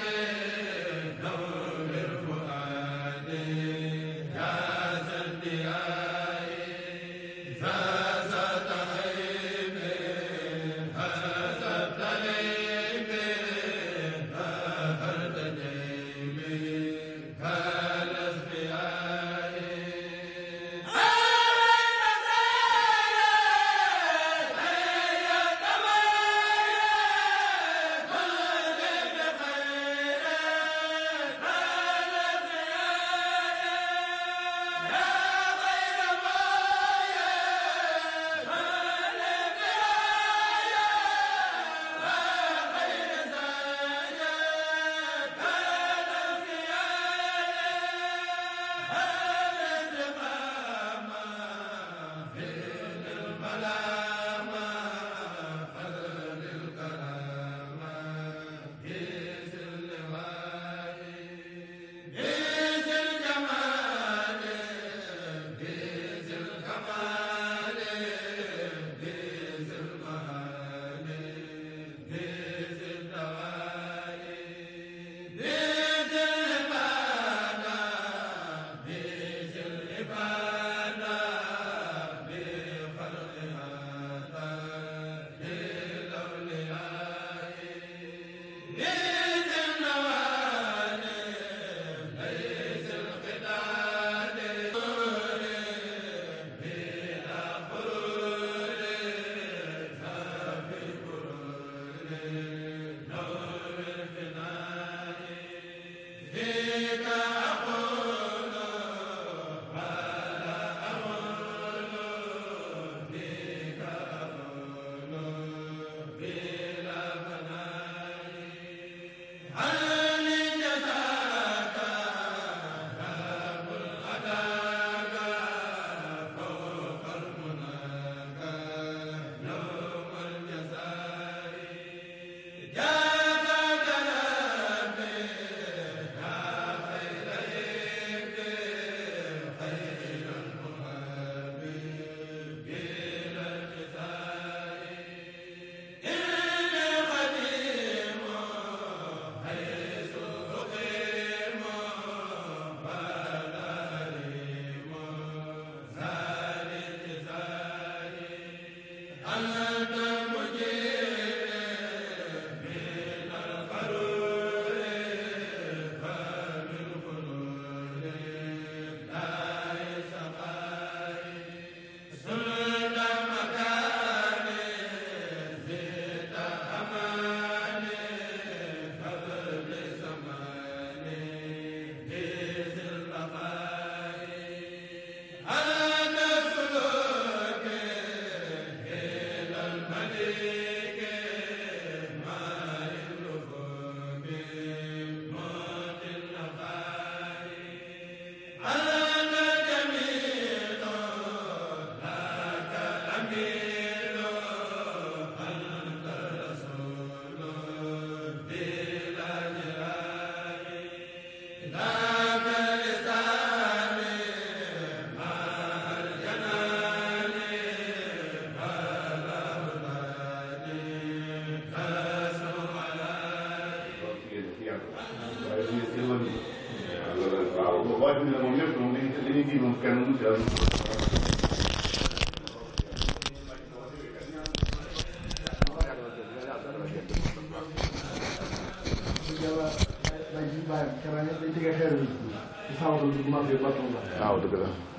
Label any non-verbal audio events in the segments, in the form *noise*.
you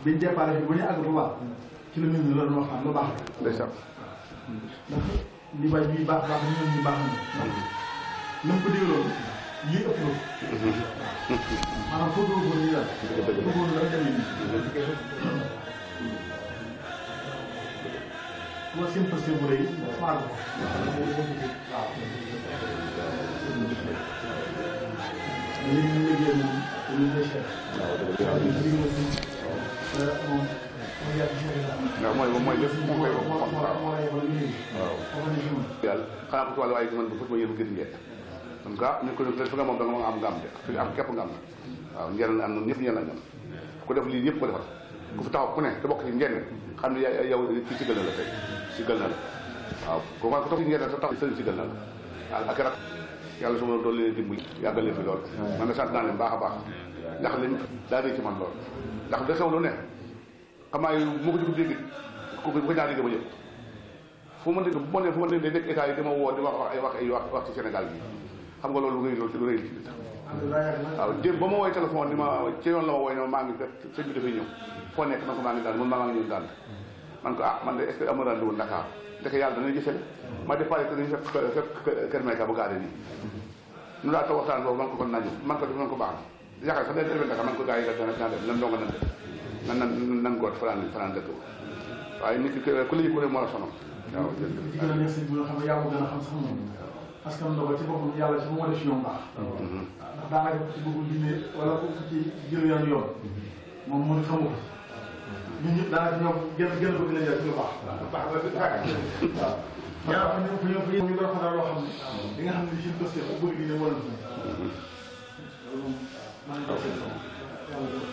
biñ départ bi ba ñu àgg bu baax ci lu mel ni loolu moo xam lu baax la. ndeysaan. ndax li baax ñuy baax baax ñun ñu baax nañu. na ko digaloon ñuy ëpp loolu. maanaam foofu la ko ñu daal. dëgg la foofu la demee nii. seen passé bu rëy. waaw. li ñu liggéey moom dañu koy seet. waaw dëgg ci la. ndax mooy mooy lépp moom mooy moom mooy ko moom am nga am de fi am lii ñëpp ko defal ku fi taxaw ku ne te bokk ci njëriñ xam ne yow ci na la tey sigal na la waaw ku ma ko toog ci njëriñ la te taxaw sëriñ sigal na la ak yàlla su ma doon leen dimbali yàggal leen man na sant naa leen baax a baax ndax lañ daa rëy ci man lool ndax da sama lu ne xamaa bu ko ñaa dégg ba jëpp fu ma dégg ay wax ay wax xam nga loolu lu rëy loolu lu rëy li waaw démb ma woowee téléphone ma yoon la ma wooy ne man ko maa daan mun maa ngi ñëw daan mm. man ko ah man de est-ce que ndeke yàlla dana gisale ma déparé te dañu fekk fekk kër Mayka bu gaare nii nu laa taw waxtaan boobu man ko kon nañu man ko def man ko baax na yaakaar sax dana daka man ko gars yi def dana def lan donga nan def nan nan nan goot fanaan fanaan dëkk ba waaye nit ki ku la yëg ku ne moo la sonal waaw li gën a nekk bi nga xam ne yàlla gën a xam sax moom parce que ndogal ci boppam yàlla ci moo def yoon baax mm-hmm. ndax daanaka ci bëggul diine wala ko ci jël yoon yoon moom mun xamu ko ñun ñëpp daanaka ñoom gën a gën a bëgg nañu ci lu baax. lu baax la dëgg *laughs* waaw. yaa xam ne fu ñu fu ñu ñu doon xanaa loo xam ne. li nga xam ne li ñu doon seet bu bëri gi ñu war a dund. loolu moom maa ngi doon seet sama yàlla def.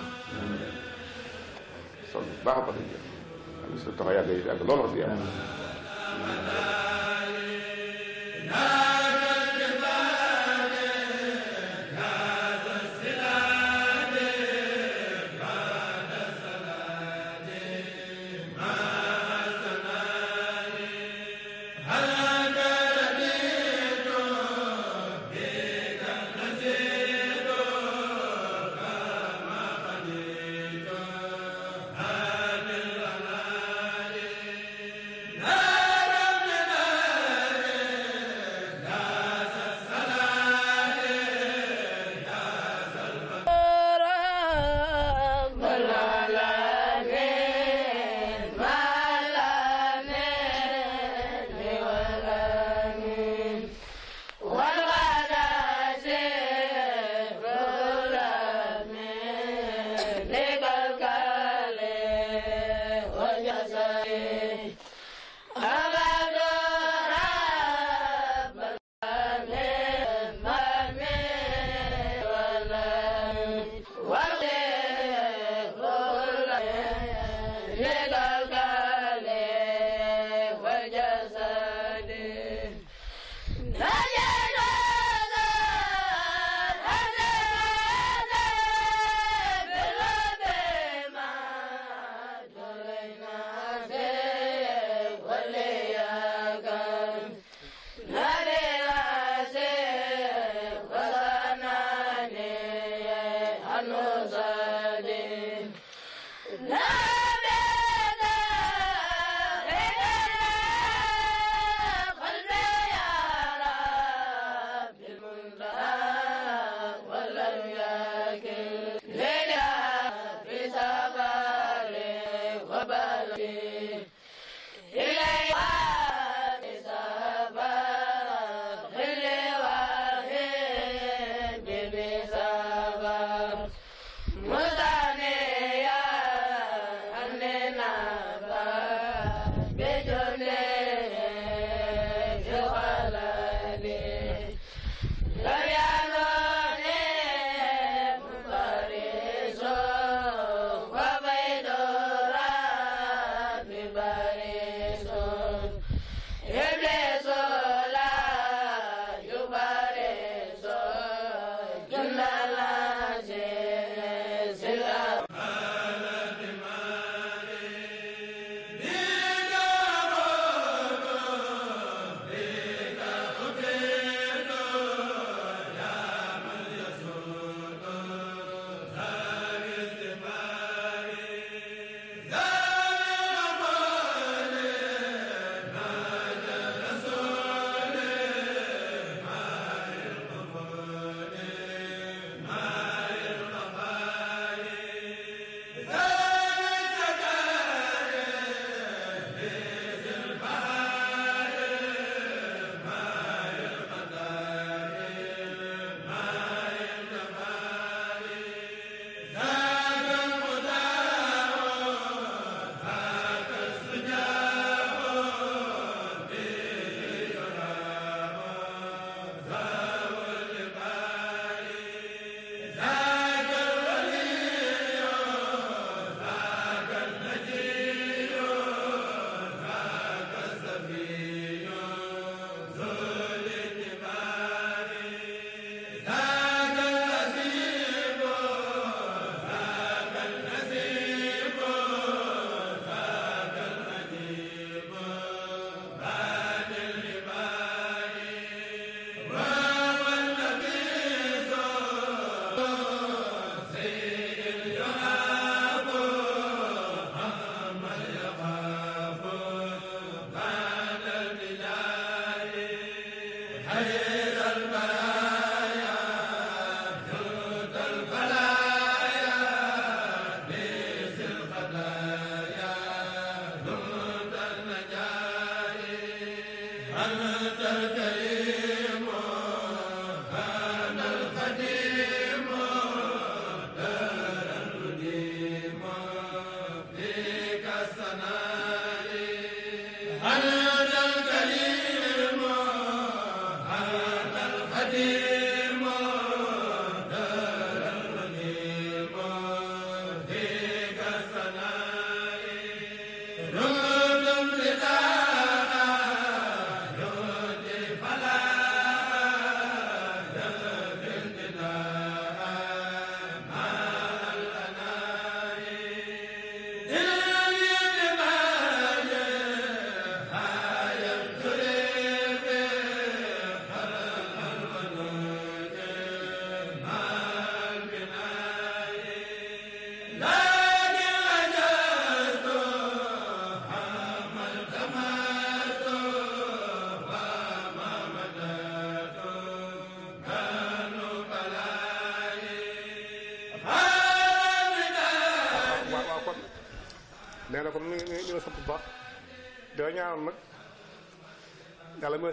sonn baax a baax a jëf. am na solo tax a yàgg yàgg looloo si yàlla.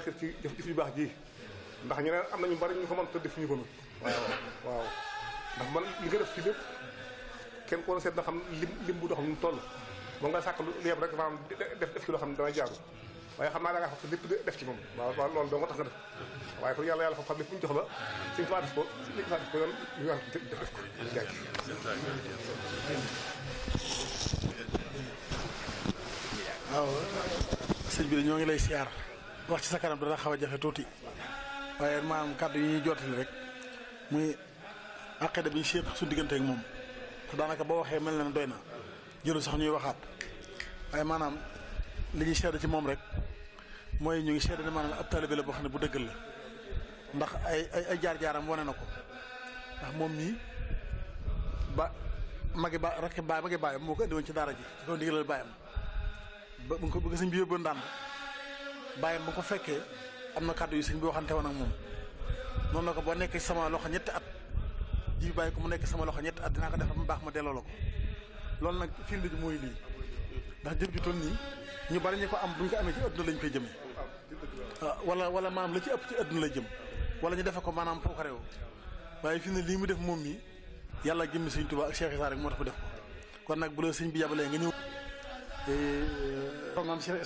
xir ci jëf jëf yu baax ji ndax ñeneen am nañu bari ñu ko mën te defuñu ko mi waaw ndax man li nga def fii lépp kenn ko seet moom nga sàkk lu yeb rek maanaam def def ci loo xam ne dana jaaru waaye xam naa da ngaa fab lépp def ci moom waaw waaw loolu doo tax nga def waaye kon yàlla yàlla fab xam lépp ñu jox la suñ faa def ko suñ faa def yoon ñu wax def def ko jàkk waaw sëñ bi ñoo ngi lay siyaar wax ci sa kanam dana xaw a jafe tuuti waaye maanaam kàddu yi ñuy jottali rek muy àqida bi ñu séq suñu diggante ak moom ndax daanaka boo waxee mel na ne doy na jëlu sax ñuy waxaat waaye maanaam li ñuy seede ci moom rek mooy ñu ngi seede ne maanaam ab taalibe la boo xam ne bu dëggal la ndax ay ay jaar-jaaram wane na ko ndax moom nii ba magi ba rakki baay magi baayam moo ko indi ci daara ji ci kaw ndigalal baayam ba bu ko bëgg sëñ bi yóbboon daan bàyyam ba ko fekkee am na kàddu yu sëñ bi waxante woon ak moom noonu la ko boo nekkee sama loxo ñetti at ji bàyyi ko mu nekk sama loxo ñetti at dinaa ko def mu baax ma delloo la ko loolu nag firnde ji muy lii ndax jëf ju toll nii ñu bari ñu ko am bu ñu ko amee ci adduna lañ koy jëmee ah, wala wala maanaam la ci ëpp ci adduna la jëm wala ñu defe ko maanaam pour xarew waaye fi ne lii mu def moom mi yàlla jëmmi sëñ Tuubaa ak seex Issa rek moo tax mu def ko kon nag bu la sëñ bi yabalee nga ñëw. Eh, eh, maam Cheikh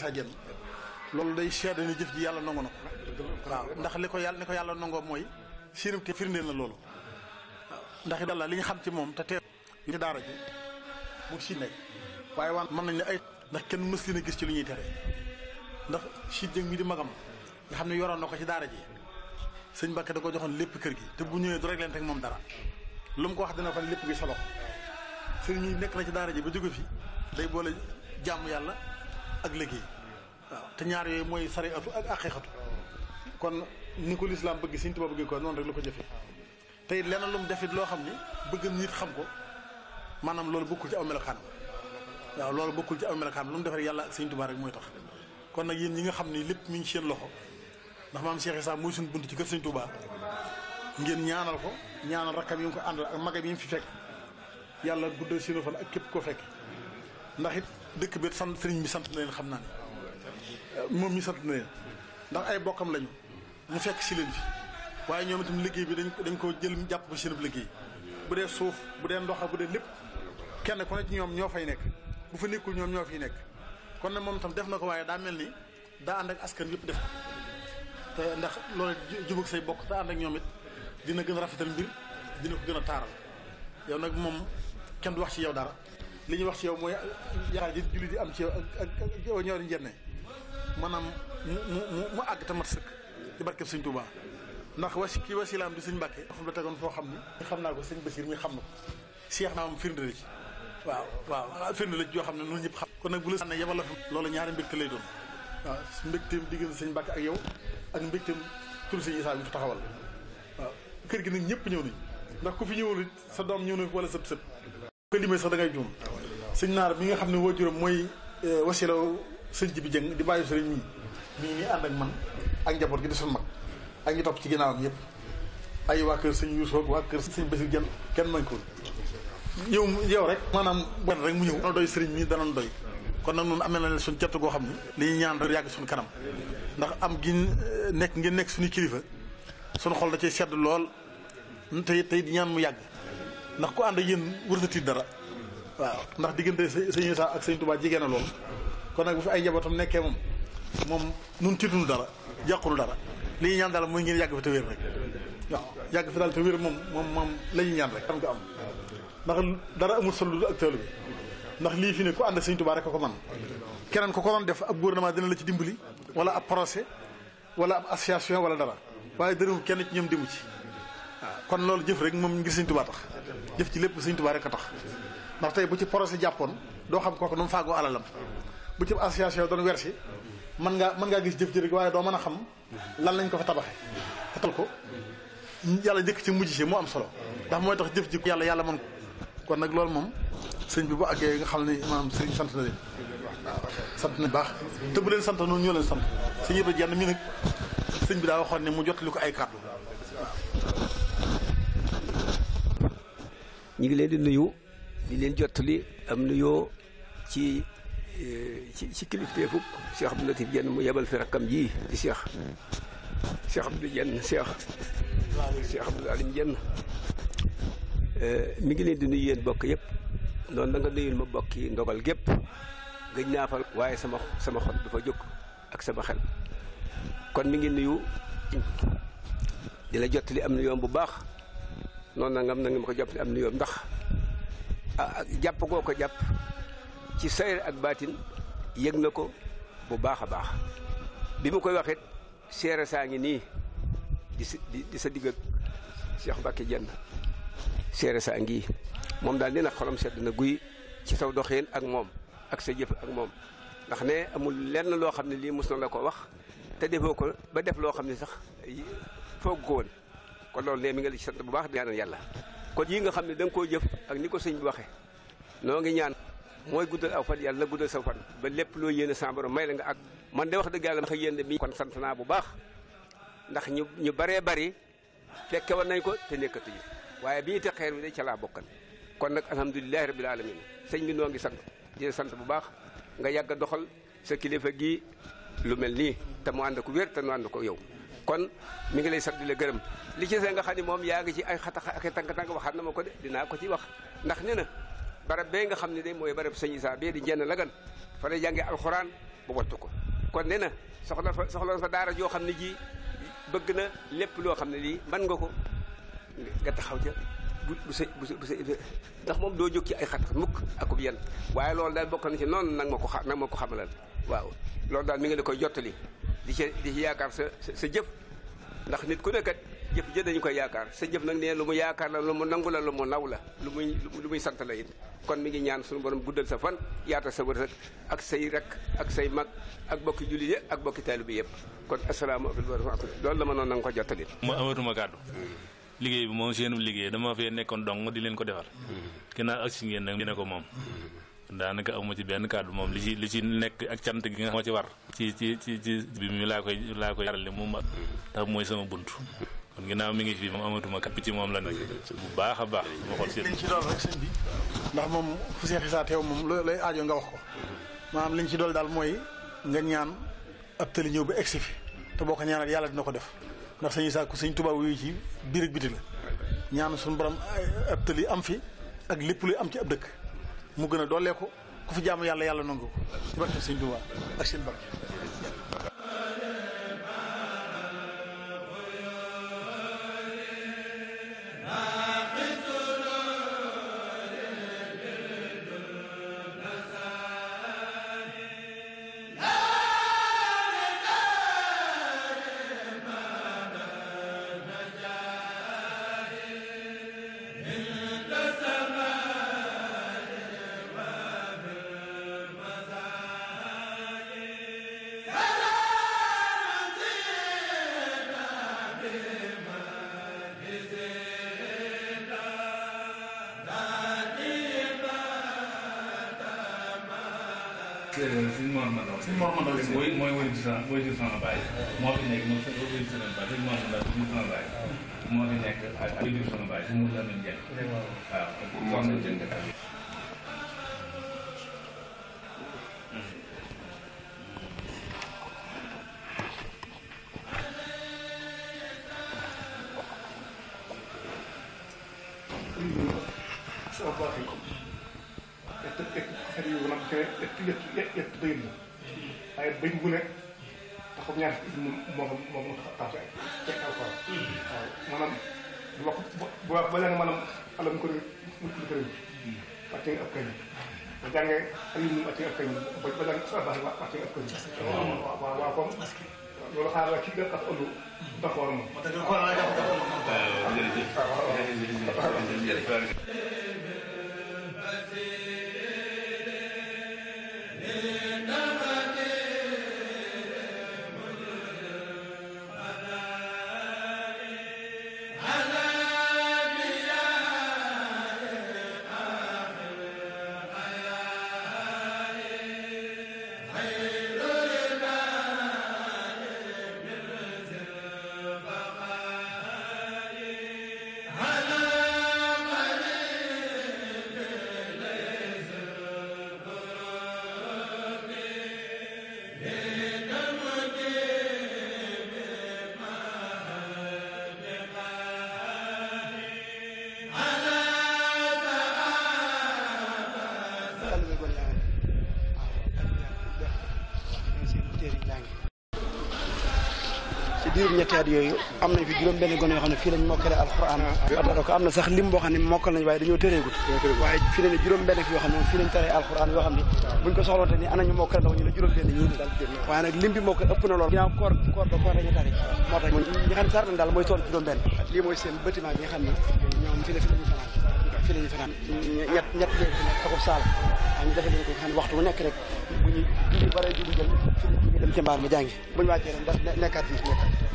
loolu day seede ni jëf ji yàlla nangu na ko waaw ndax li ko yàlla ni ko yàlla nangoo mooy sirim te firndeel na loolu ndax dalla li ñu xam ci moom te teew daara ji si nekk waaye waan mën nañ ne ay ndax kenn mës leen a gis ci lu ñuy tere ndax si jëng mi di magam nga xam ne yoroon na ko ci daara ji sëñ Mbàkke da ko joxoon lépp kër gi te bu ñëwee du rek moom dara lu mu ko wax dina ko lépp gi solo sëriñ ñuy nekk na ci daara ji ba jóge fi day boole jàmm yàlla ak liggéey waaw te ñaar yooyu mooy sariatu ak aqiqatu kon ni ko lislaam bëgg Sëriñ Tuubaa bëgg ko noonu rek la ko jëfee te it leneen lu mu defit loo xam ne bëgg nit xam ko maanaam loolu bokkul ci aw melokaanam waaw loolu bokkul ci aw melokaanam lu mu def rek yàlla ak Sëriñ Tuubaa rek mooy tax kon nag yéen ñi nga xam ne lépp mi ngi seen loxo ndax maam Cheikh Issa mooy suñu bunt ci kër Sëriñ Tuubaa ngeen ñaanal ko ñaanal rakkam yi mu ko àndal ak magam yi mu fi fekk yàlla guddal seenu fan ak képp koo fekk ndax it dëkk bi sant sëriñ bi sant na leen xam naa ne moom ñu sant na leen ndax ay bokkam lañu mu fekk si leen fi waaye ñoom itam liggéey bi dañ dañ koo jël jàpp ko seen liggéey bu dee suuf bu dee ndox bu dee lépp kenn ku ne ci ñoom ñoo fay nekk bu fa nekkul ñoo fiy nekk kon nag moom itam def na ko waaye daa ni daa askan yëpp def ko say bokk te ànd ak ñoom dina gën a rafetal mbir dina ko a taaral yow nag moom kenn wax ci yow dara li wax ci yow mooy yaakaar ji am ci yow ak ñoo di njenne maanaam mu mu mu àgg tamat sëkk ci barkeb sëñ Tuubaa ndax wasi kii wasilaam di sëñ Mbàkke dafa la tegoon foo xam ne xam naa ko sëñ Basiir mi xam na ko seex firnde waaw waaw firnde la ci yoo xam ne noonu ñëpp xam kon nag bu la ne yebal la fi ñaari mbégte lay doon waaw mbégteem diggante sëñ Mbàkke ak yow ak mbégteem tur sëñ Isaa gi nag ñëpp ñëw nañ ndax ku fi ñëwul sa doom ñëw na wala sëb sëb ko limee sax da ngay juum naar mi nga xam ne waajuram mooy eh, wasilaw sëñ ji bi jëng di bàyyi sëriñ mii mii nii ànd ak man ak njaboot gi di suñ mag ak ngi topp ci ginnaawam yëpp ay waa kër sëñ Yuusu ak waa kër sëñ Basir genn kenn mañ ko yow yow rek maanaam benn rek mu ñëw dana doy sëriñ mii danoon doy kon nag noonu amee na suñ cett goo xam ne li ñu yàgg suñ kanam ndax am gi eh, nekk ngeen nekk suñu kilifa suñu xol da cay sedd lool tey tey di ñaan mu yàgg ndax ku ànd yéen wërtati dara waaw ndax diggante sëñ Isaa ak sëñ Tuubaa jigéen na lool kon nag bu fi ay njabootam nekkee moom moom nun tiitunu dara jàqunu dara li ñu ñaan daal mooy ngeen yàgg fi te rek waaw yàgg fi daal te wér moom moom moom la ñu ñaan rek am nga am ndax dara amul solo ak teelu bi ndax lii fi ne ku ànd sëñ Tuubaa rek ko man keneen ku ko doon def ab gouvernement dina la ci dimbali wala ab procès wala ab association wala dara waaye dërëm kenn ci ñoom dimu ci waaw kon loolu jëf rek moom ngir sëñ Tuubaa tax jëf ci lépp sëñ Tuubaa rek tax ndax tey bu ci procès jàppoon doo xam kooku nu mu faagoo bu ci association doon weer si mën ngaa mën ngaa gis jëf jërëjëf waaye doo mën a xam lan lañ ko fa tabaxe xetal ko yàlla jëkk ci mujj si mu am solo ndax mooy tax jëf ji yàlla yàlla mën ko kon nag loolu moom sëñ bi bu àggee nga xam ne maanaam sëñ sant na leen sant na baax te bu leen sant noonu ñoo leen sant sëñ yëpp jenn mi nag sëñ bi daa waxoon ne mu jot li ko ay kàddu ñu ngi leen di nuyu di leen jottali am nuyoo ci ci ci kilifteefu Cheikh Abdou Latif Diène mu yebal fi rakkam ji di Cheikh Cheikh Abdou Diène Cheikh Cheikh Abdou Alim Diène euh, mi ngi leen di nuyu yéen bokk yépp noonu la nga nuyul ma bokk yi ndogal gépp gëj naa waaye sama sama xol dafa jóg ak sama xel kon mi ngi nuyu di la jottali am nuyoom bu baax noonu na na nga ma ko jottali am nuyoom ndax ah, jàpp koo ko jàpp ci sayr ak baatin yëg na ko bu baax a baax bi mu koy waxit seere saa ngi nii di sa di sa digg ak Cheikh Mbacke Diène seere saa ngi moom daal nee na xolom sedd na guy ci saw doxin ak moom ak sa jëf ak moom ndax ne amul lenn loo xam ne lii mos na la ko wax te defoo ko ba def loo xam ne sax foog ko woon kon loolu ne mi ngi la ci sant bu baax di ñaanal yàlla kon yi nga xam ne da koo jëf ak ni ko sëñ bi waxee noo ngi ñaan mooy guddal aw fan yàlla guddal sa fan ba lépp loo yéene sa may la nga ak man de wax dëgg yàlla ma yéen bi kon sant naa bu baax ndax ñu ñu baree bari fekke woon nañ ko te nekkatuñu waaye bi ñu te xeer bi de ca laa bokkan kon nag alhamdulilahi rabil alamin sëñ bi noo ngi sant di sant bu baax nga yàgg doxal sa kilifa gi lu mel nii te mu ànd ko wér te mu ànd ko yow kon mu ngi lay sant di la gërëm li ci see nga xam ni moom yaa ngi ci ay xata ak tànk-tànk na ma ko dinaa ko ci wax ndax barab bee nga xam ne de mooy barab sëñ Isaa bee di jenn lagan fa lay jànge alxuraan ba wattu ko kon ne na soxla fa soxla fa daara joo xam ne ji bëgg na lépp loo xam ne lii mën nga ko nga taxaw ca bu bu sa bu sa ndax moom doo jóg ci ay xat mukk akub yan waaye loolu daal bokk na ci noonu nag ma ko xa nag ma ko xamalal waaw loolu daal mu ngi la koy jottali di ci yaakaar sa sa jëf ndax nit ku nekkat jëf jë dañu koy yaakaar sa jëf nag nee lu mu yaakaar la lu mu nangu la lu mu naw la lu muy lu muy sant la it kon mi ngi ñaan suñu borom guddal sa fan yaata sa wërsëg ak say rek ak say mag ak bokki jullit yëpp ak bokki taalibe bi yëpp kon assalaamu alaykum loolu la ma noonu na nga ko jottali mooy amatuma kàddu liggéey bi moom seenu liggéey dama fee nekkoon dong di leen ko defar ginnaaw ak si ngeen nag dina ko moom daanaka amu ci benn kàddu moom li ci li ci nekk ak cant gi nga xam ci war ci ci ci ci mu laa koy laa koy yarale moom ndax mooy sama bunt kon ginnaaw mi ngi fi moom amatuma kapp ci moom la nekk bu baax a baax ma xool si liñ ci dool rek sëñ bi ndax moom fu Seex Isaa teew moom loolu lay aajo nga wax ko am liñ ci dool daal mooy nga ñaan ab tëli ñëw ba egsi fi te boo ko ñaanal yàlla dina ko def ndax sëñ Isaa ku sëñ Tuubaa wuyu ci biir ak biti la ñaan suñu borom ab tëli am fi ak lépp luy am ci ab dëkk mu gën a doolee ko ku fi jaamu yàlla yàlla nangu ko ci barke sëñ Tuubaa ak bañ bu nekk te xam ñaar fukki junni moo ko moo ko tax ay ci alxuraan waaw maanaam wax bu wax ba alam ko lu ko wàcce ab kañ ba jàngee alim wàcce ab kañ ba ba léegi sa baax wàcce ab kañ loolu xaaral ci gën a ëllu d'accord moom at yooyu am nañ fi juróom benn gone yoo xam ne sax lim boo xam ne mokkal nañ fi yoo xam ne alxuraan yoo xam ne buñ ñu ne juróom benn ñu waaye nag lim ñu defal jàngi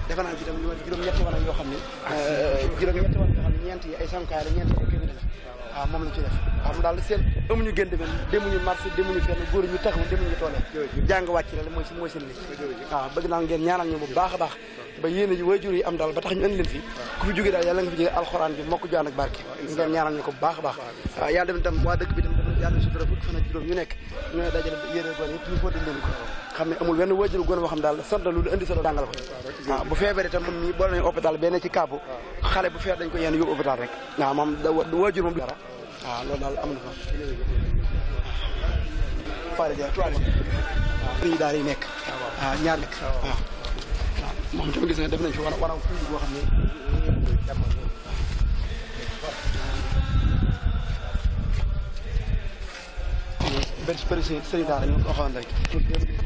defe naa itam lu ma juróom-ñetti wanag yoo xam ne euh, juróom-ñetti wanag yoo xam ne ñeent yi ay sankaay la ñeent yi ay kébine la waaw moom la ci def waaw ah, mu daal seen amuñu gën demee demuñu marché demuñu fenn góor ñu taxaw demuñu toolee jàng wàcc la mooy mooy seen liggéey waaw ah, ñu bu baax a baax leen fi ku fi jógee daal yàlla nga fi jógee alxuraan bi mokk ju ak barke ngeen ñaanal ñu ko bu baax a baax waaw ah, yàlla dem itam waa dëkk bi dem sutura fukk fan ak juróom yu nekk ñooy dajale yére gone yëpp ñu fóotal leen ko xam ne amul wenn waajur gone boo xam daal sant lu lu indi solo dàngal ko waaw bu feebaree tam moom ñi boole nañu hôpital benn ci kaabu xale bu feer dañ ko yenn yóbbu hôpital rek waaw moom da waajur moom dara loolu daal am na fa waaw daal yi nekk waaw def nañ fi war a war boo xam ne benn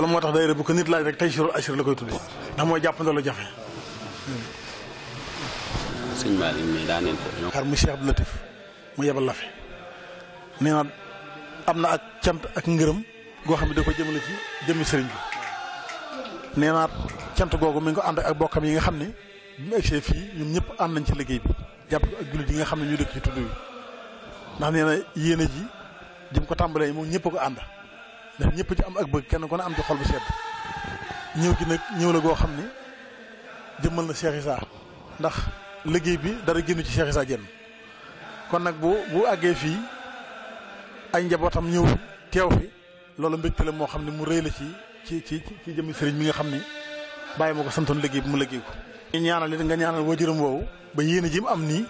loolu moo tax daayira bu ko nit laaj rek tey sirul asir la koy tudde ndax mooy jàpp ndalu jafe. sëñ Malick mii xar mu Cheikh Abdou Latif mu yebal la fi nee na am na ak cant ak ngërëm goo xam ne da ko jëmale ci jëmmi sëriñ bi nee naa cant googu mi ngi ko ànd ak bokkam yi nga xam ne bi mu egsee fii ñoom ñëpp ànd nañ ci liggéey bi jàpp ko ak jullit yi nga xam ne ñu dëkk ci tudd yi ndax nee na ji jëm ko tàmbalee moom ñëpp ko ànd. ndax ñëpp ci am ak bëgg kenn ku ne am ci xol bu sedd ñëw gi nag ñëw la goo xam ni jëmmal na Cheikh Issa ndax liggéey bi dara génnu ci Cheikh Issa kon nag bu bu àggee fii ay njabootam ñëw teew fi loolu mbégte la moo xam ne mu rëy la ci ci ci ci jëmmi sëriñ mi nga xam ni bàyyi ma ko santoon liggéey bi mu liggéey ko. ñu ñaanal it nga ñaanal waajuram woowu ba yéene ji mu am nii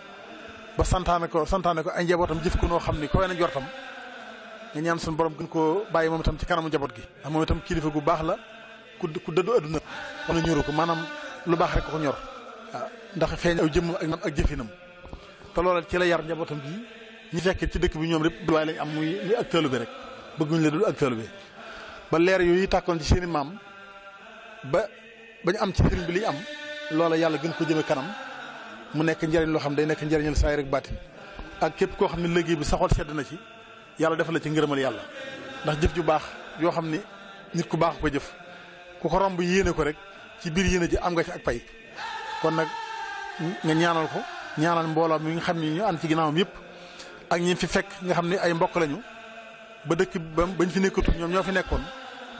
ba santaane ko santaane ko ay njabootam jëf ko noo xam ni koy na jortam ñaan suñu boroom gën koo bàyyi moom itam ci kanamu njaboot gi ndax moom itam kilifa gu baax la ku ku dëddu adduna wala ñoru ko maanaam lu baax rek ko ñor waaw ndax feeñ aw jëmm ak ak jëfinam te loolal ci la yar njabootam gi ñu fekk ci dëkk bi ñoom lépp waaye lañ am muy muy bi rek bëgguñ la dul bi ba leer yooyu tàkkoon ci seeni maam ba ba ñu am ci bi li am loola yàlla gën ko jëme kanam mu nekk njariñ loo xam day nekk njëriñal saay rek baatin ak képp koo xam ne liggéey bi saxool sedd na ci yàlla defal la ci ngërëmal yàlla ndax jëf ju baax yoo xam ni nit ku baax ko jëf ku ko romb yéene ko rek ci biir yéene ji am nga ci ak pay kon nag nga ñaanal ko ñaanal mbooloo mi nga xam ni ñu ànd ci ginnaawam yëpp ak ñi fi fekk nga xam ni ay mbokk lañu ba dëkk ba bañ fi nekkatul ñoom ñoo fi nekkoon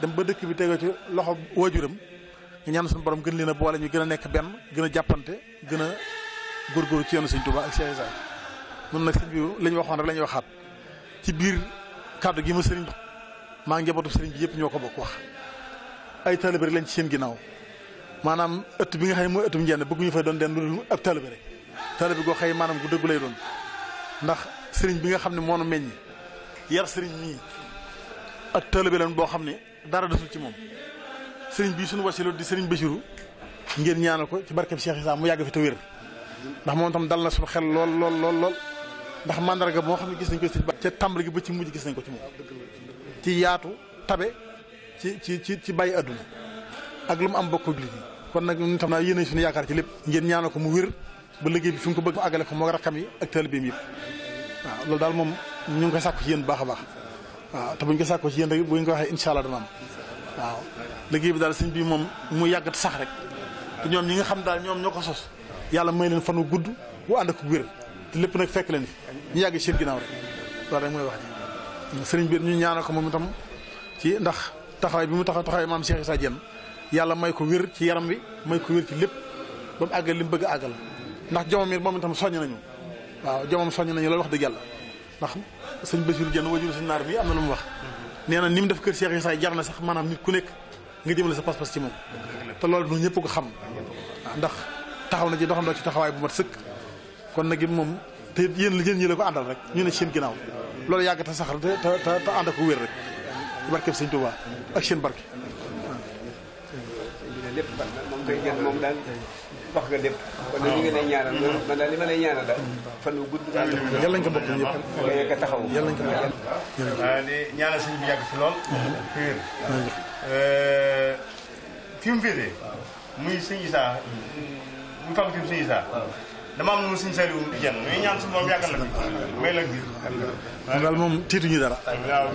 dem ba dëkk bi tegoo ci loxo waajuram nga ñaan suñu borom gën leen a boole ñu gën a nekk benn gën a jàppante gën a góorgóorlu ci yoonu Sëñ Tuubaa ak Cheikh Issa ñun nag waxoon rek la ñuy waxaat ci biir kàddu gi mu sëriñ maa ngi njabootu sëriñ bi yëpp ñoo ko bokk wax ay taalibe rek lañ ci seen ginnaaw maanaam ëtt bi nga xam ne mooy ëttum njënd bëgguñu fay doon den lu dul ab taalibe rek taalibe goo xëy maanaam gu dëggu lay doon ndax sëriñ bi nga xam ne moonu meññi yar sëriñ mii ak taalibe lan boo xam ne dara desul ci moom sëriñ bii suñu wasilu di sëriñ Bassirou ngeen ñaanal ko ci barkeb Cheikh saa mu yàgg fi te wér ndax moom tam dal na suñu xel lool lool lool lool ndax mandarga moo xam ne gis nañ ko sëñ Ba ca tàmbali ci mujj gis nañ ko ci moom ci yaatu tabe ci ci ci ci bàyyi àdduna ak lu mu am bokk ak lii kon nag ñun tam naa yéen suñu yaakaar ci lépp ngeen ñaana ko mu wér ba liggéey bi fi mu ko bëgg mu àggale ko moo rakkam yi ak taalibeem yëpp loolu daal moom ñu ngi ko sàkku ci yéen baax a baax waaw te buñ ko sàkku ci yéen ko waxee incha am waaw liggéey bi daal sëñ bi moom mu yàggat sax rek te ñoom ñi nga xam daal ñoom ñoo ko sos yàlla may leen fanu gudd bu ànd ak wér te lépp nag fekk leen fi ñu yàgg ci ginnaaw rek loolu rek mooy wax ji sëriñ bi ñu ñaanal ko moom tam ci ndax taxawaay bi mu tax taxawaay maam Cheikh Issa Diène yàlla may ko wér ci yaram bi may ko ci lépp ba mu àggal li bëgg a àggal ndax jomam it moom itam soññ nañu waaw jomam soññ nañu loolu wax dëgg yàlla ndax sëñ Bassirou Diène wajur sëñ naar bi am na lu mu wax nee na ni mu def kër Cheikh Issa jar na sax maanaam nit ku nekk nga jëmale sa pas-pas ci moom te loolu ñun ñëpp ko xam ndax taxaw na ci doxandoo ci taxawaay bu mat sëkk kon nag it moom te yéen la yéen ñi la ko àndal rek ñu ne seen ginnaaw loolu yàgg te saxal te te ànd ko wér rek barkeb sëñ Tuubaa ak seen barke. lépp moom koy gën moom daal wax nga lépp ah. kon ñu ngi lay ñaanal man daal li ma lay ñaanal bokk ñëpp nga taxaw yàlla ñu ko di ñaanal suñu bi lool fi wér euh, fi mu féetee muy sëñ Isaa mu fam fi mu sëñ dama am lu mu suñ sali wu jën ñuy ñaan suñu moom yàggal la fi may la biir daal moom tiituñu dara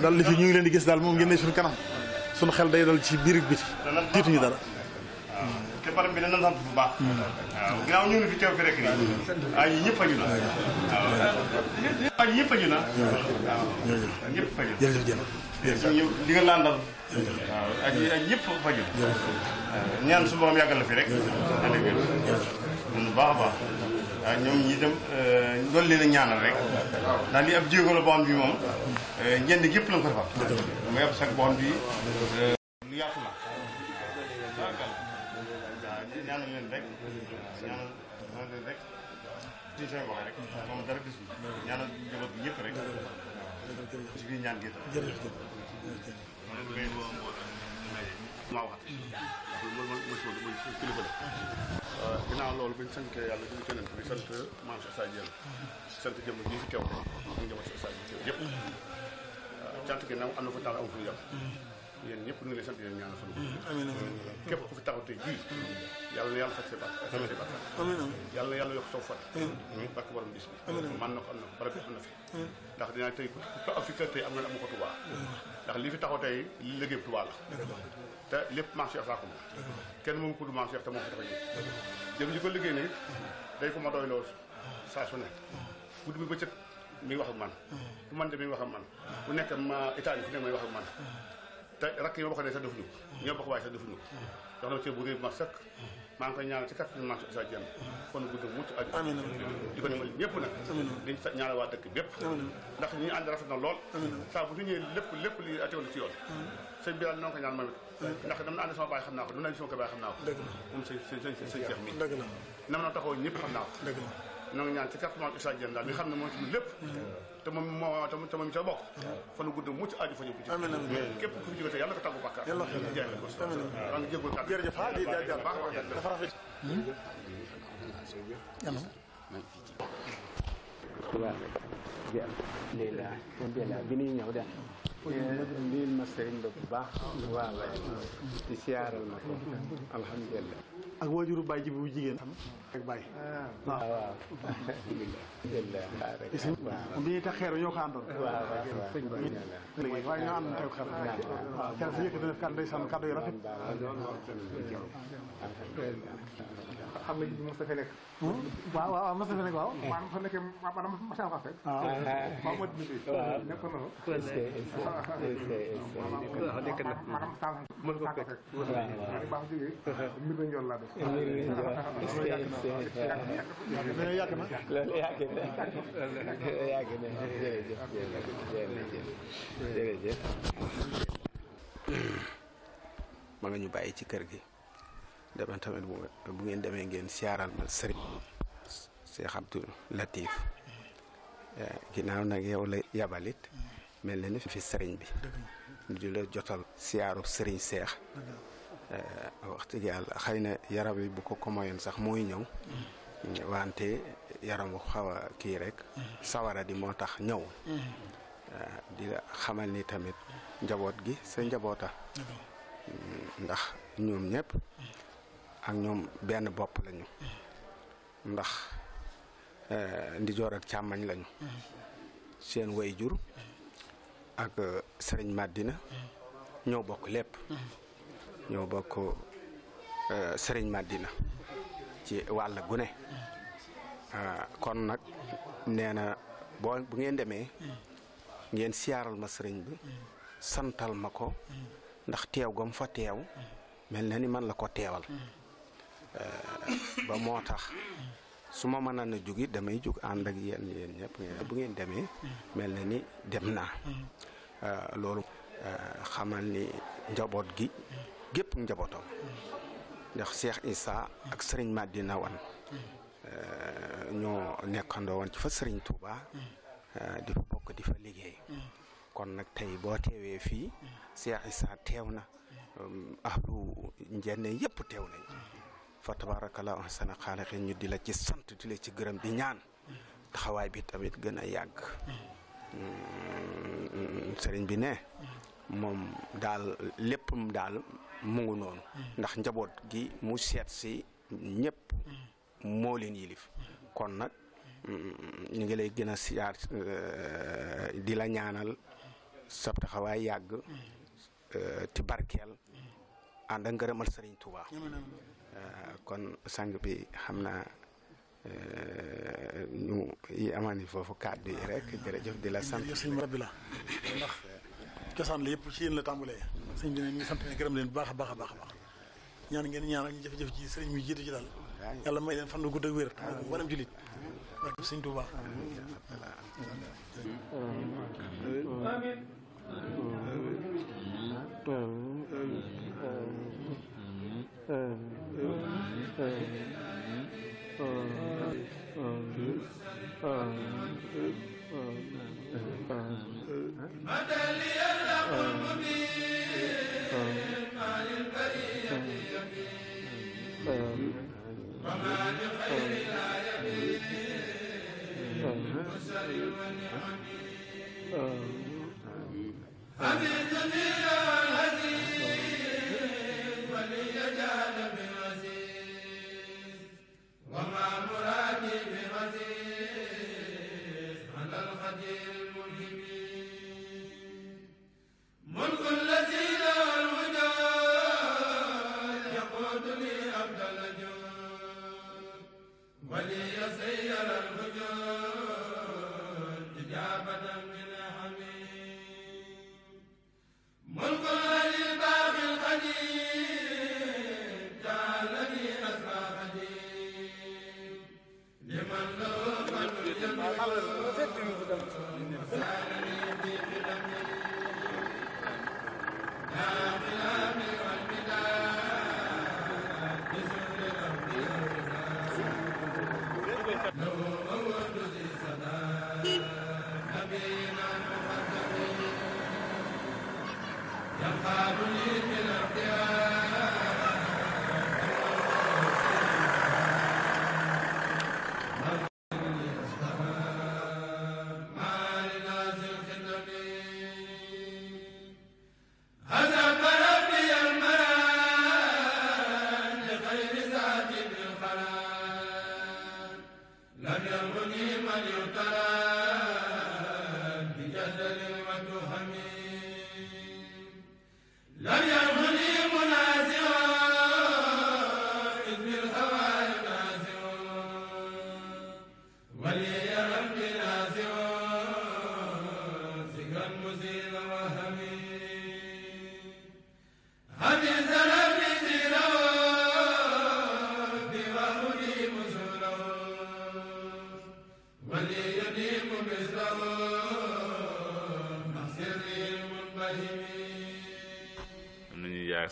daal li ñu ngi leen di gis daal moom ngeen ne suñu kanam suñu xel day dal ci biir biti tiituñu dara te borom bi dana sant mm. ñu ngi fi teew fi rek nii waaw ñi ñëpp faju na waaw ñi ñëpp faju na waaw ñëpp faju jërëjëf jërëjëf li nga laan dal waaw ak ñëpp faju ñaan su borom yàggal la fi rek bu baax baax waaw ah, ñoom ñi itam doon euh, leen a ñaanal rek ndax lii ab jéego la boo xam bi moom euh, ñenn gi yëpp la ko defal muy ab sag boo xam bi euh, lu yaatu la ñaanal leen rek ñaanal leen rek bi ñëpp rek ci ñaan gi Euh, ginnaaw loolu bu ñu sant yàlla bi sant maam si Issa Diène sant jëmm ji fi teew ak si Issa yëpp euh, cant gi nag am na ko taal am fu yàpp yéen ñëpp ñu ngi lay sant yéen ñaanal sunu képp ku fi taxaw tey jii yàlla na yàlla faj sa bàkk faj sa bàkk yàlla na yàlla yokk saw fat bàkk man na ko am na ko am na fi ndax dinaa tey ku fi am na amu ko Tuubaa ndax lii fi taxaw tey li liggéey Tuubaa la te lépp marché a kenn mënu ko du maam Cheikh te moo ko tax a jóg jëm ñi ko liggéey ne day ko ma doy saa su ne guddi bi bëccëg mi wax ak man bu man de mi wax ak man bu nekk ma état bi fu nekk may wax ak man te rakk yi ma bokk ne sax defuñu ko ñoo bokk waaye sax defuñu ko jox na cër bu réy ma sëkk maa ngi koy ñaanal ci kàttan Mansour Issa Diène kon gudd mucc ak amiin di ko defal ñëpp nag di ñaanal waa dëkk bépp ndax ñu ànd rafet na lool saa bu ñu lépp lépp li a teewlu ci yoon sëñ noonu ko ñaan moom it ndax dama na ànd sama baay xam naa ko dama na ànd sama baay xam naa ko moom sëñ sëñ na taxaw ñëpp xam naa ko ñoo ngi ñaan ci carte membre Issa Diène daal mi xam ne moo ci lépp te moom moo te moom ca bokk gudd mucc aju fa jóg amiin amiin képp ku fi jóge te yàlla ko tàggu bàkkaar yàlla ko ko maa ngi jéggul kàddu jërëjëf ah di jaajëf baax wax dafa rafet waaw bi nuy ñëw dem lii ma sëriñ ba bu baax waa lay di ko alhamdulilah ak waajuru baay ji bu jigéen ak baay ah, waaw waaw bi ñuy tax xeeru ñoo ko àndoon waaye ñoo àndoon teew xeer ah, waaw xeer si yëkkati na kàddu yi sànn kàddu yu rafet xam nga ji a fa nekk. waaw *laughs* loolu yàgg na loolu yàgg na loolu yàgg na ma nga ñu bàyyi ci kër gi. dama tamit bu ngeen demee ngeen siyaaral ma sëriñ Cheikh Abdou Latif eh, ginnaaw nag yow sëriñ bi ñu di la jotal siyaaru sëriñ seex eh, wax dëgg yàlla na yaram bu ko ko sax mooy ñëw mm-hmm. wante yaramu xaw kii rek mm-hmm. sawara di moo tax ñëw mm-hmm. eh, di xamal ni tamit njaboot gi sa njaboota mm, ndax ñoom ñëpp ak ñoom benn bopp lañu ndax eh, ndijoor ak càmmañ lañu seen way jur ak eh, sëriñ Madina ñoo bokk lépp ñoo bokk eh, sëriñ Madina ci wàll gune kon nag nee na boo bu ngeen demee ngeen siyaaral ma sëriñ bi santal ma ko ndax teew gom fa teew mel na ni man la ko teewal Euh, ba moo tax su ma mënoon a jug it damay jug ànd ak yéen yéen ñëpp bu ngeen demee mel na ni dem naa euh, loolu euh, xamal ni njaboot gi gépp njabootam ndax Cheikh Issa ak Serigne Madina wan ñoo nekkandoo woon ci fa sëriñ Touba di fa bokk di fa liggéey kon nag tey boo teewee fii Cheikh Issa teew na ahlu njenne yëpp teew nañ fa tabaarakala on sana xaalaxin di la ci sant di la ci gërëm di ñaan taxawaay bi tamit gën a yàgg mm, sëriñ bi ne moom daal léppam daal mu ngi noonu ndax njaboot gi mu seet si ñëpp moo leen yilif kon nag mm, ñu ngi lay gën a siyaar euh, di la ñaanal sa taxawaay yàgg euh, ti barkeel ànd ak ngërëmal sëriñ Tuubaa Euh, kon sang bi xam naa ñu euh, yi amaan yi foofu kàddu bi rek jërëjëf sant. sëñ rabbi la ndax cosaan la yëpp ci yéen la tàmbalee. bu baax a a baax a ngeen ñaan ak ñu jëf-jëf ci sëriñ bi jiitu ci daal. yàlla may la gudd wala julit. barke sëñ Tuubaa. حميد يا المليم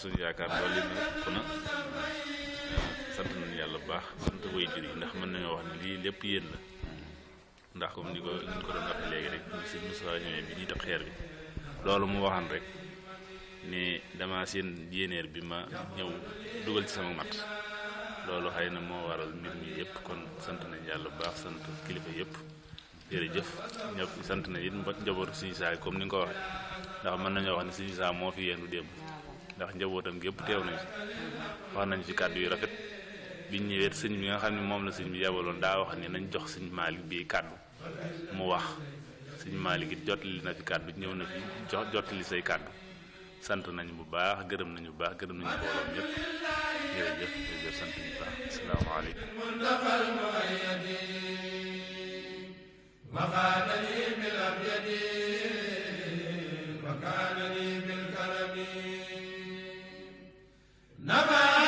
suñu yaakaar loolu lépp na sant nañu yàlla bu baax sant way jur ndax mën nañu wax ne lépp yéen la ndax comme ni ko ni ko doon waxee léegi rek si Moussa ñëwee bi ñuy def xeer bi loolu mu waxaan rek ni dama seen yéeneer bi ma ñëw dugal ci sama mat loolu xëy na moo waral mbir mi yëpp kon sant nañ yàlla bu baax sant kilifa yëpp jërëjëf ñëpp sant nañ it njaboot saa saay comme ni nga ko wax ndax mën nañoo wax ne suñu saa moo fi yéenu démb ndax njabootam gi yëpp teew nañ wax nañ ci kàddu yu rafet biñ ñëwee sëñ bi nga xam ne moom la sëñ bi yabaloon daa wax ni nañ jox sëñ Malick biy kàddu mu wax sëñ Malick it na fi kàddu ñëw na fi jox jottali say kàddu sant nañ bu baax gërëm nañu bu baax gërëm nañu booloom ñëpp jërëjëf jërëjëf sant nañu baax asalaamaaleykum وقال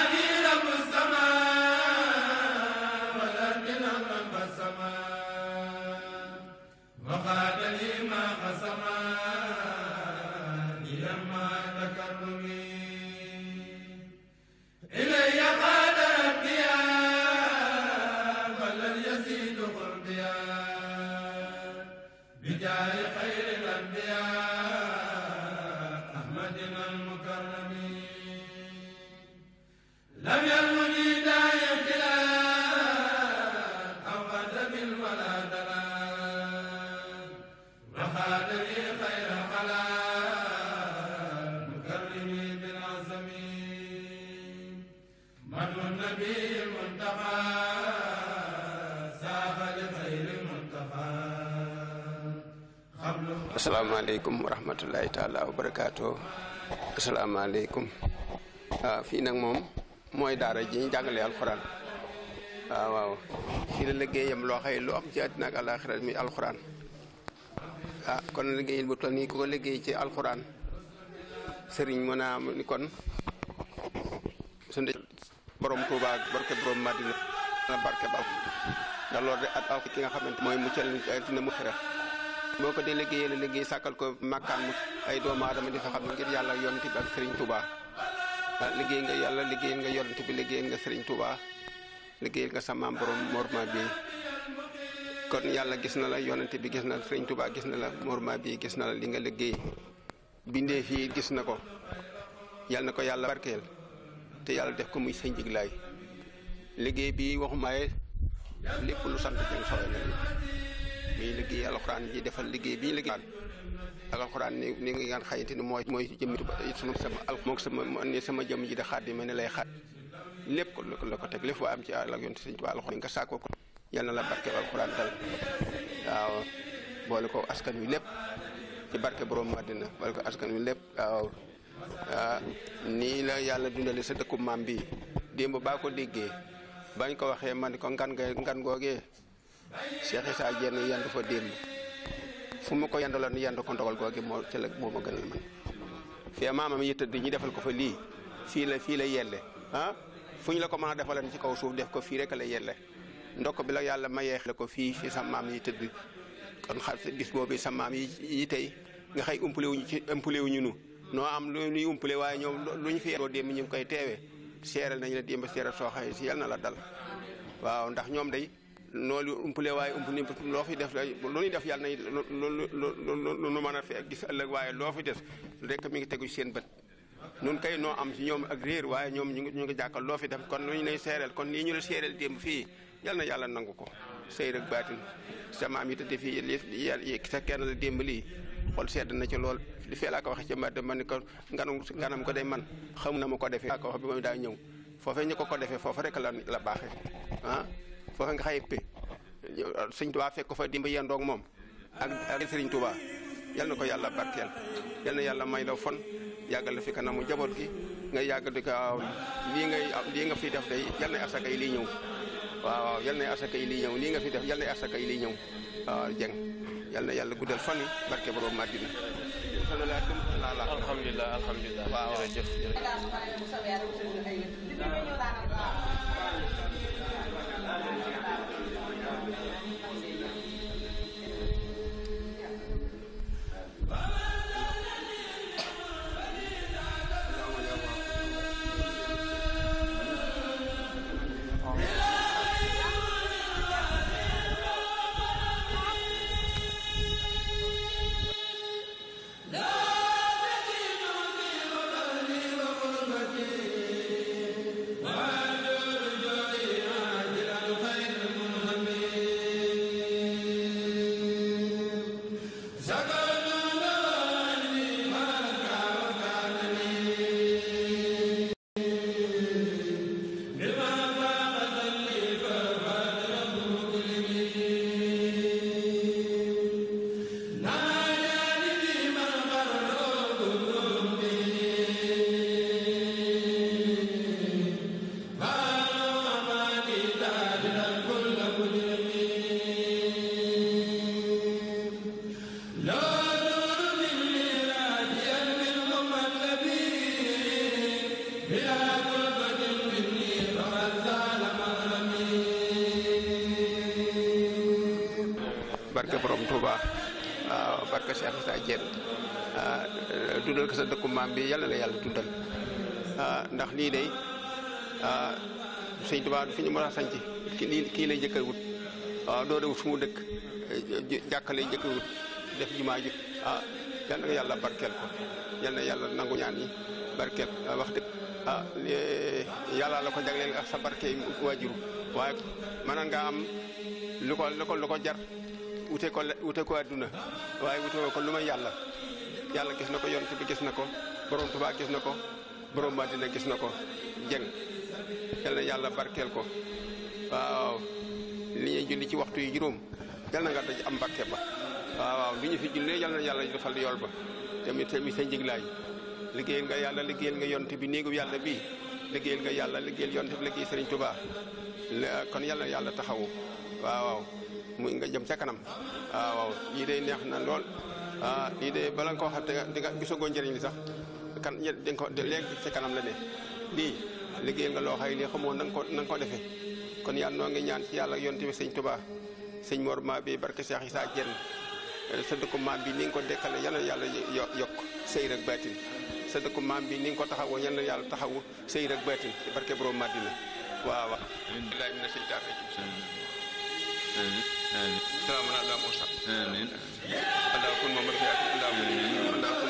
لي ما قسما لما تكرمي asalaamaaleykum wa rahmatullahi ah, fii nag moom mooy daara ji ñu jàngale alxuraan waaw ah, waaw fii la liggéeyam loo xëy lu am ci àddina ak àlaxira mi alxuraan ah kon liggéeyil bu toll nii ko liggéey ci alxuraan sëriñ mën a am ni kon suñu borom Tuuba ak barke ndax loolu de at al ki nga xamante mooy muccal nit àddina mu xere boo ko dee liggéeyee la liggéey sàkkal ko màkkaan ay doomu aadama di fa xam ngir yàlla yonent bi ak Serigne Touba ah, liggéey nga yàlla liggéey nga yonent bi liggéey nga Serigne Touba liggéey nga sa maam borom kon yàlla gis na la yonent bi gis na la Serigne Touba gis na la morma bi gis na la li nga liggéey bindee fii gis na ko yàlla na ko yàlla barkeel te yàlla def ko muy sa njiglaay liggéey bi waxumaaye lépp lu sant jëm sooy na ñuy liggéey alxuraan ji defal liggéey bi ñu liggéey ak alxuraan ni ni nga ngeen xayante ni mooy mooy jëmm sunu sama al moog sama sama jëmm ji da xaat di ni lay xaat lépp ko la ko teg lépp am ci àll ak yonte sëñ Tuubaa alxuraan nga sàkkoo la barke alxuraan waaw boole ko askan wi lépp ci barke borom Madina boole ko askan wi lépp waaw ah, nii la yàlla dundale sa dëkku maam bi démb baa ko déggee bañ ko waxee man ko ngan nga ngan googee Cheikh Issa Diène yendu fa démb fu mu ko yendaloon yendu ko ndogal googi moo ci la moo ma gënal man fee maamam yi tëdd ñu defal ko fa lii fii la fii la yelle ah fu la ko mën a ci kaw suuf def ko fii rek la yelle ndokk bi la yàlla mayee la ko fii fi sa maam yi tëdd kon xam gis boobu sa yi yi tey nga xëy umpale wuñu ci umpale wuñu nu noo am lu ñuy umpale waaye ñoom lu ñu fi yendoo démb ñu koy teewee seeral nañ la dimb seeral soo xëy si yal na la dal waaw ndax ñoom day nool yu umpale waaye umpale loo fi def loo ñuy def yàlla nañ lu loolu mën a fi ak gis ëllëg waaye loo fi def rek mi ngi tegu seen bët nun kay noo am si ñoom ak réer waaye ñoom ñu ngi ñu ngi jàkkal loo fi def kon ñu lay seereel kon lii ñu la seereel démb fii yal na yàlla nangu ko sëy ak baatin sa maam yi tëdd fii yàlla sa kenn la démb lii xool sedd na ci lool di fee laa ko waxee ci ma dem ma ni ko nganam nganam ko dey man xam na mu ko defee laa ko bi moom daa ñëw foofee ñu ko ko defee foofu rek la la baaxee ah. foofa nga xayma pe sëñ Tuubaa fekk ko fa dimba yendoog moom ak ak sëriñ Tuubaa yal na ko yàlla barkeel yal na yàlla may la fon yàggal la fi kanamu jaboot gi nga yàgg di ko lii nga fi def day yal na asaka yi lii ñëw waaw waaw yal na asaka ñëw lii nga fi def yal na asaka ñëw waaw jeng yal na yàlla guddal fan yi barke borom Madina alhamdulilah alhamdulilah waaw jërëjëf jërëjëf bi yal na la yàlla dundal ah, ndax lii day ah, sëñ Tuubaa du fi ñu mën a sanc lii kii lay jëkkër wut waaw ah, doo wut fu mu dëkk jàkka lay jëkkër wut def jumaa ji ah yal na yàlla barkeel ko yal na yàlla nangu ñaan yi barkeel wax dëgg la ko jagleel ak sa barke waajuru waaye mën nga am jar wute ko wute ko adduna waaye wute ko lu may yàlla yàlla gis na ko yonent bi gis na ko borom Tuubaa gis na ko ma Madina gis na ko jeng yal na yàlla barkeel ko waaw li ñuy julli ci waxtu yi juróom yal na nga daj am barke ba waaw bi li ñu fi jullee yal na yàlla defal yool ba tamit tamit sa njiglaay liggéeyal nga yàlla liggéeyal nga yonte bi néegu yàlla bi liggéeyal nga yàlla liggéeyal yonte bi liggéey Sëriñ Tuubaa kon yal na yàlla taxawu waaw waaw nga jëm ca kanam waaw waaw lii neex na lool ah de day bala nga koo xam te nga gisagoon njëriñ li sax kan dañ ko léegi sa kanam la ne lii liggéeyal nga loo yi li xamoo na ko na nga defee kon yàlla noo ngi ñaan ci yàlla yonte bi sëñ Tuubaa sëñ Mor ma bi barke Cheikh Issa Diène sa dëkku maam bi ni nga ko dekkale yal na yàlla yokk sëy rek baatin sa dëkku maam bi ni nga ko taxawoo yal na yàlla taxawu sëy rek baatin barke borom Madina waaw waaw billahi mina seytaane salaamaaleykum Moussa. amiin.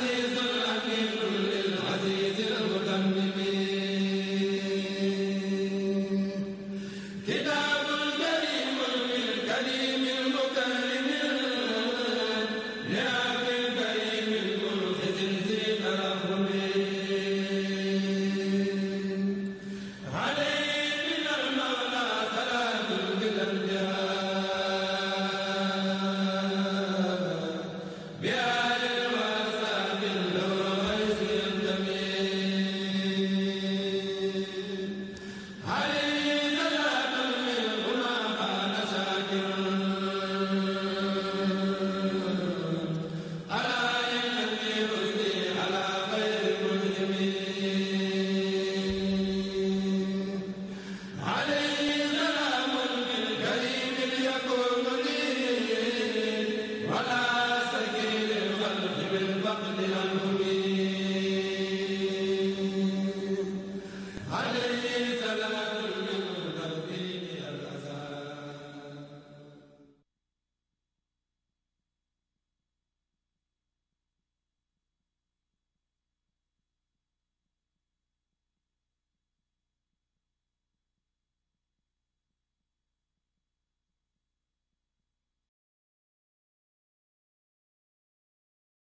عزيز